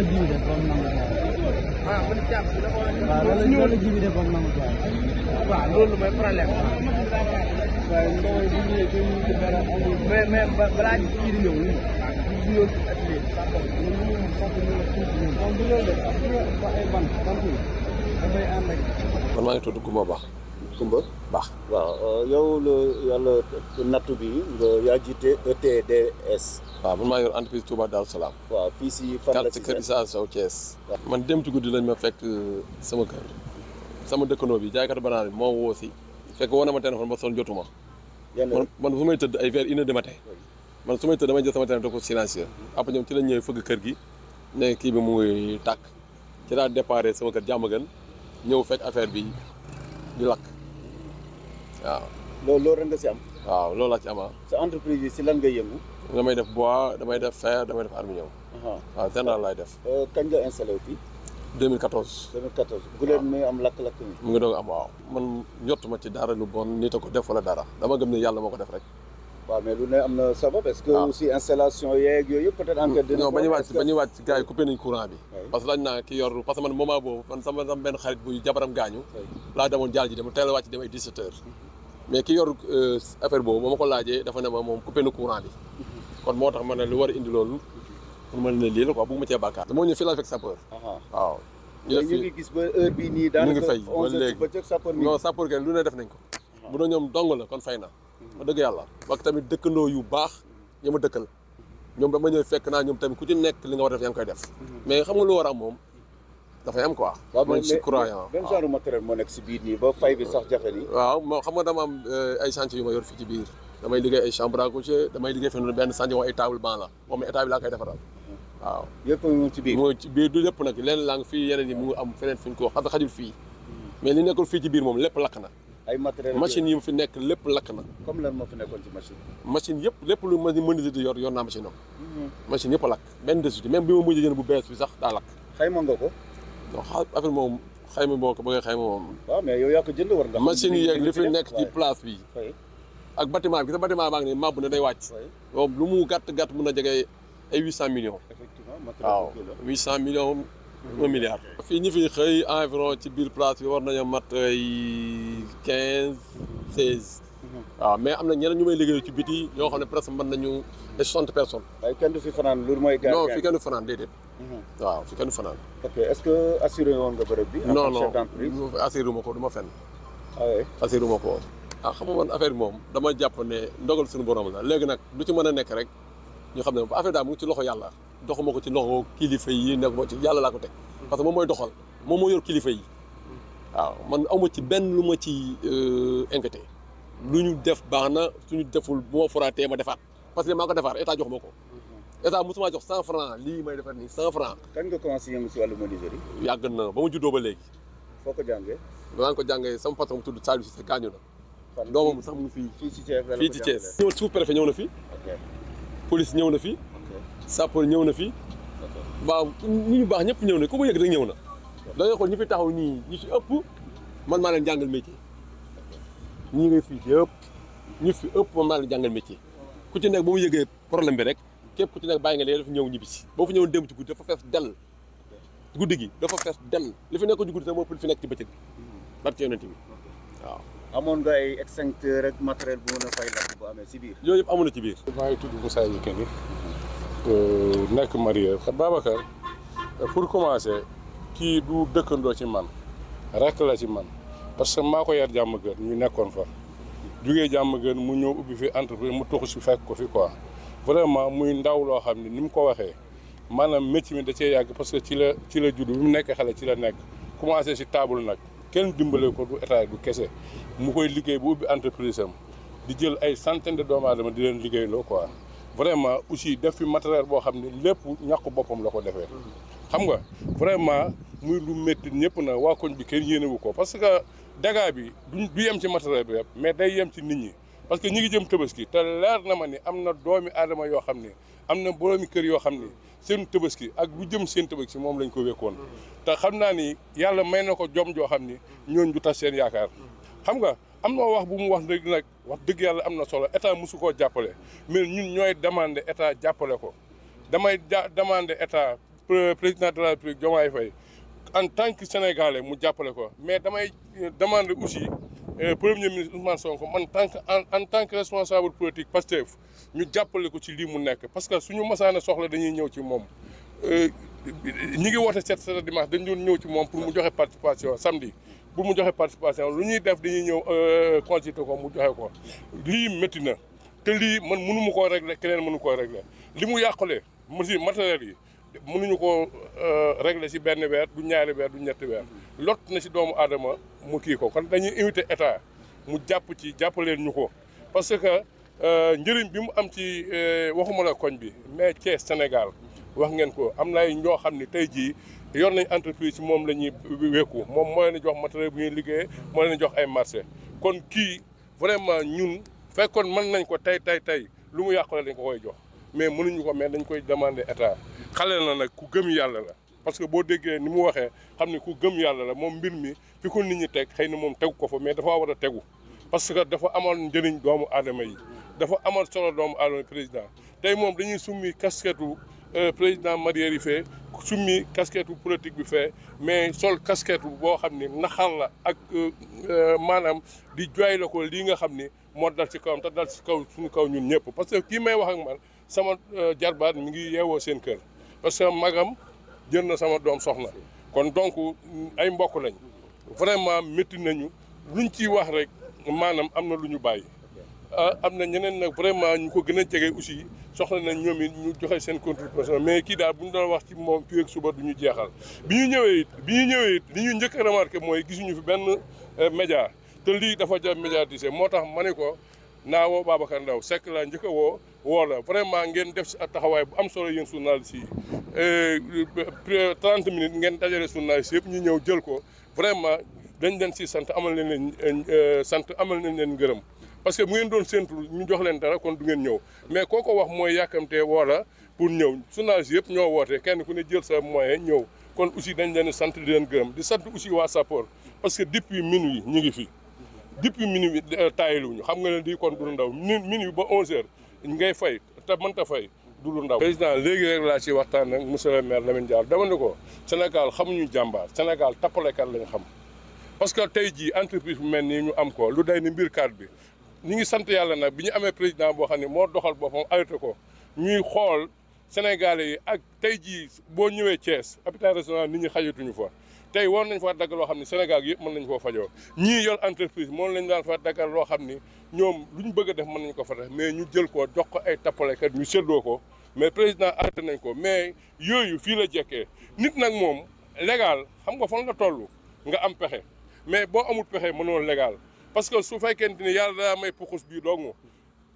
la ji bi def ba mu nangu jaay. waaw ah, man jàpp na ko. waaw loolu la ji bi def ba mu nangu jaay. waaw loolu mooy problème. waaye ndaw yi bu ñu ñëwee ba ñu def dara amul. mais mais balaa ñu ji di ñëw ñu ñëw ci atelier. man maa ngi tudd Gouma Ba. Kumba baax waaw euh, la yàlla nattu bi nga yaa jiite ETDS waaw man maa yor entreprise Touba Darou Salaam waaw fii si fan la si kër saa Sow Thiès man dem ci guddi lañ ma fekk euh, sama kër sama dëkkandoo bi jaaykatu banaan bi moo woo si fekk woo na ma téléphone ba son jotuma man man su may tëdd ay vers une heure man su may tëdd damay jël sama téléphone ko silencieux après ñoom ci lañ ñëwee fëgg kër gi ne kii bi mu ngi tàkk ci laa déparé sama kër jàmm gën ñëw fekk affaire bi di lakk waaw loolu loolu rek nga si am waaw loolu laa ci ama ah. sa entreprise yi si lan ngay yëngu may def bois damay def fer damay def aluminium waaw général laay def euh, kañ nga installé wu fii 2014 2014 guléen mi am lakk-lakk mi mu ngi doog am waaw a ko def wala dara dama gëm ne yàlla moo ko def rek waaw mais lu ne am na sabab est-ce que aussi installation yeeg yooyu yëpp peut-être hmm. enquête dina non ba ñuy wàcc ba ñuy wàcc gars yi coupé nañ courant bi parce que lañ naa ki yor parce que man moment boobu man sama benn xarit buy jabaram gaañu laa demoon jaal ji dem teel a wàcc dem ay mais ki yor euh, affaire boobu ba ma ko laajee dafa ne ma moom coupé na courant bi kon moo tax ma ne lu war a indi loolu pour ma ne lii la quoi bëgguma cee bàkkaar moo ñëw fii la fekk sapeur ah ah. waaw ñu ngi gis ba heure bii nii daanaka ñu ngi fay ba léegi non sapeur kenn lu ne def nañ ko ah. bu doon ñoom dong la kon fay na ma dëgg yàlla wax tamit dëkkandoo yu baax ñi ma dëkkal ñoom dama ñëw fekk naa ñoom tamit ku ci nekk li nga war a def yaa ngi koy def mm-hmm. mais xam nga lu war a moom dafay am quoi. waaw mais si courant yi ah. waaw. benn genre matériel moo nekk si biir nii ba fay bi sax jafe nii. waaw moo xam nga dama am euh, ay chantier yu ma yor fii ci biir damay liggéey ay chambre à coucher damay liggéey fii benn chantier moom ay table banc la moom état bi laa koy defaral waaw. yëpp mu ci biir mu ci biir du lépp nag lenn laa ngi fii yeneen yi mu am feneen fi ñu ko wax parce que xajul fii hmm. mais li nekkul fii ci biir moom lépp lakk na. ay matériel machine yi mu fi nekk lépp lakk na. comme lan moo fi nekkoon ci machine machine yëpp lépp lu ma mën di yor yor naa machine am. Hmm. machine yëpp a lakk benn desuti même bi ma mujj jënd bu bees bi sax daa lakk. xayma nga ko. donc affaire moom xayma boo ko bëggee xayma moom. waaw mais yow yaa ko jënd war nga. machine yi yeeg fi nekk ci place bi. ak bâtiment bi te bâtiment baa ngi màbb na day wàcc. waaw lu mu gàtt gàtt mun a jege ay huit cent millions. effectivement matériel bi waaw huit cent millions. un milliard. fii ñu fi xëy environ ci biir place bi war nañu mat ay quinze seize. waaw mais am na ñeneen ñu may liggéey ci biti yoo xam ne presque mën nañu ne soixante personnes. waaye kenn fanaan loolu mooy. gàncax non fi kenn du fanaan déedéet. Mhm. waaw fi kenn fanaan. ok est-ce ma ko du ma fenn. waaye ah, assuré ma ko. ah xam nga man affaire bi moom dama jàpp ne ndogal suñu borom la léegi nag lu ci mën a nekk rek ñu xam ne affaire daal mu ngi ci loxo yàlla doxuma ko ci loxo kilifa yi nekk ma ci yàlla laa ko teg mhm. parce que moom mooy doxal moom moo yor kilifa yi mhm. waaw man amu ci benn lu ma ci euh, inquiété lu ñu def baax na suñu deful bu ma foraatee ma defaat parce que maa ko defaat état jox ma ko. Mhm. état mosuma jox cent franc lii may defar nii cent franc. kan nga si wàllu menuiserie. yàgg na ba mu juddoo ba léegi. foo ko jàngee. danaa ko jàngee sama patron mu tudd Saliou Cissé gaañu na. doomam sax mu ngi fii. fii ci Thiès fii ci Thiès. ñëw sous na fi. police ñëw na fi. sapeur ñëw na fi. waaw ñu baax ñëpp ñëw na ku ko yëg rek ñëw na. da ngay xool fi taxaw nii ñu ci ëpp man maa leen jàngal métier ñi ngay fii yëpp ñu fi ëpp moom naa la jàngal métier ku ci nekk ba mu yëgee problème bi rek képp ku ci nekk bàyyi nga lee dafa ñëw ñibbisi boo fa ñëw dem ci guddi dafa fees dell guddi gi dafa fees dell li fi nekk ci guddi sax moo li fi nekk ci bëccëg barke yonent bi waaw amoon nga ay extincteur rek matériel bu mën a fay lakk bu amee si biir yooyu yëpp amoon ci biir maa ngi tudd Moussa Yékini euh, nekk marié Babacar pour commencer kii du dëkkandoo ci man rek la ci man parce que maa ko yar jàmm gën ñu nekkoon fa jugee jàmm gën mu ñëw ubbi fi entreprise mu tuxu si fekk ko fi quoi vraiment muy ndaw loo xam ne ni mu ko waxee maanaam métier mi da cee yàgg parce que ci la ci la juddu bi mu nekkee xale ci la nekk commencé si table nag kenn dimbale ko du état du kese mu koy liggéey bu ubbi entreprise am di jël ay centaine de doomu aadama di leen liggéeyloo quoi vraiment aussi def fi matériel boo xam ne lépp ñàkku boppam la ko defee xam nga vraiment muy lu métti ñëpp na waa koñ yéenewu ko dégâts bi du yem ci matériel bi yëpp mais day yem ci nit ñi parce que ñi ngi jëm tabaski te leer na ma ni am na doomi aadama yoo xam ne am na boroomi kër yoo xam ne seen tabaski ak bu jëm seen tabaski moom lañ ko wékkoon te xam naa ni yàlla may na ko jom joo xam ni ñooñu du tas seen yaakaar xam nga am na wax bu mu wax dëgg nag wax dëgg yàlla am na solo état mosu koo jàppale mais ñun ñooy demandé état jàppale ko damay ja demandé état président de la République Diomaye Faye en tant que sénégalais mu jàppale ko mais damay euh, demander aussi euh, premier ministre Ousmane Sonko man tant que en tant que responsable politique Pastef ñu jàppale ko ci lii mu nekk parce que suñu masaana soxla dañuy ñëw ci moom. Euh, ñi ngi woote sept sept dimanche dañ doon ñëw ci moom pour mu joxe participation samedi bu mu joxe participation lu ñuy def dañuy ñëw consulter ko mu joxe ko lii métti na te lii man mënu mu koo régler keneen mënu koo régler li mu yàqule mesures matérielles yi. mënuñu ko euh, régler si benn weer du ñaari weer du ñetti weer lot na si doomu aadama mu kii ko kon dañuy invité état mu jàpp ci jàppaleen ñu ko parce que euh, njëriñ bi mu am ci euh, waxuma la koñ bi mais cee Sénégal wax ngeen ko am na ñoo xam ni tey jii yoon nañ entreprise moom la ñuy wékku moom moo leen jox matériel bu ñuy liggéey moo leen jox ay marché kon kii vraiment ñun fekkoon man nañ ko tey tey tey lu mu yàqule dañ ko koy jox mais mënuñu ko mais dañu koy demander état xale na nag ku gëm yàlla la parce que boo déggee ni mu waxee xam ne ku gëm yàlla la moom mbir mi fi ko nit ñi teg xëy na moom tegu ko fa mais dafa war a tegu parce que dafa amal njëriñ doomu aadama yi dafa amal solo doomu aadama président tey moom dañuy summi casquette euh, président Marie yi fee summi casquette politique bi fee mais sol casquette boo xam ni naxar la ak euh, euh, maanaam di jooy la ko lii nga xam ni moo dal ci kawam dal ci kaw suñu kaw ñun ñëpp parce que kii may wax ak man sama euh, jarbaat mi ngi yewoo seen kër parce que magam jël na sama doom soxna kon donc ay mbokk lañ vraiment métti nañu luñ ciy wax rek maanaam am na lu ñu bàyyi euh, am na ñeneen nag vraiment ñu ko gën a jege aussi soxla nañ ñoom it ñu joxe seen contribution mais kii daal bu ñu doon wax ci moom fii ak suba du ñu jeexal bi ñu ñëwee it bi ñu ñëwee it li ñu njëkk a remarqué mooy gisuñu fi benn euh, média te lii dafa jar médiatiser moo tax ma ne ko naa woo Babacar Ndaw laa njëkk a woo woo vraiment ngeen def si taxawaay bu am solo yéen journaliste yi eh, eh, trent minutes ngeen dajale journaliste yëpp ñu ñëw jël ko vraiment dañ leen si sant amal nañ leen eh, sant amal nañ leen ngërëm parce que bu ngeen doon séntu ñu jox leen dara kon du ngeen ñëw mais koo ko wax mooy yàkkamtee woo la pour ñëw journaliste yëpp ñoo woote kenn ku ne jël sa moyen ñëw kon aussi dañ leen sant di leen gërëm di sant aussi waa Sapeur parce que depuis minuit ñu ngi fi depuis minuit taayiluñu xam nga ne di kon du ndaw minuit ba 11 ngay fay te mënta fay du lu ndaw président léegi rek laa ci waxtaan nag monsieur le maire Lamine Diallo dama ne ko Sénégal xamuñu jàmbaar Sénégal tappalekat lañ xam parce que tey jii entreprise bu mel nii ñu am ko lu day ni mbir carte bi ñu ngi sant yàlla nag bi ñu amee président boo xam ne moo doxal boppam arrêté ko ñuy xool sénégalais yi ak tey jii boo ñëwee Thiès hôpital régional nit ñi xajatuñu fa tey war nañ faa daggal loo xam ne Sénégal yëpp mën nañ koo fajoo ñii yor entreprise moom lañ daal fa daggal loo xam ni ñoom lu ñu bëgg a def mën nañ ko fa mais ñu jël ko jox ko ay tappalekat ñu séddoo ko mais président arrêté nañ ko mais yooyu fii la jekkee nit nag moom légal xam nga fan nga tollu nga am pexe mais boo amul pexe mënoo légal parce que su fekkente ni yàlla daa may puxus bii doomu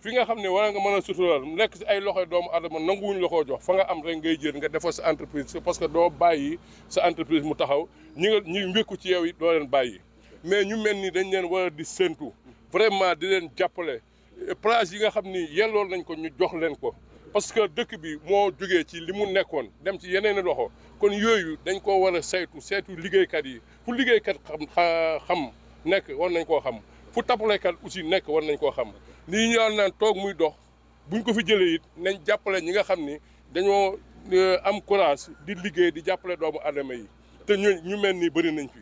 fi nga xam ne war nga mën a suturaal nekk si ay loxo doomu adama nanguwuñ la koo jox fa nga am rek ngay jël nga defoo sa entreprise parce que doo bàyyi sa entreprise mu taxaw ñi nga ñuy ci yow it doo leen bàyyi mais ñu mel ni dañ leen war a di séntu vraiment di leen jàppale place yi nga xam ni yellool nañ ko ñu jox leen ko parce que dëkk bi moo jógee ci li mu nekkoon dem ci yeneen loxo kon yooyu dañ koo war a saytu saytu liggéeykat yi fu liggéeykat xam xam nekk war nañ koo xam fu tapalekat aussi nekk war nañ koo xam lii ñu daan naan toog muy dox buñ ko fi jëlee it nañ jàppale ñi nga xam ni dañoo euh, am courage di liggéey di jàppale doomu aadama yi te ñu ñu mel ni bëri nañ fi.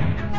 Thank you.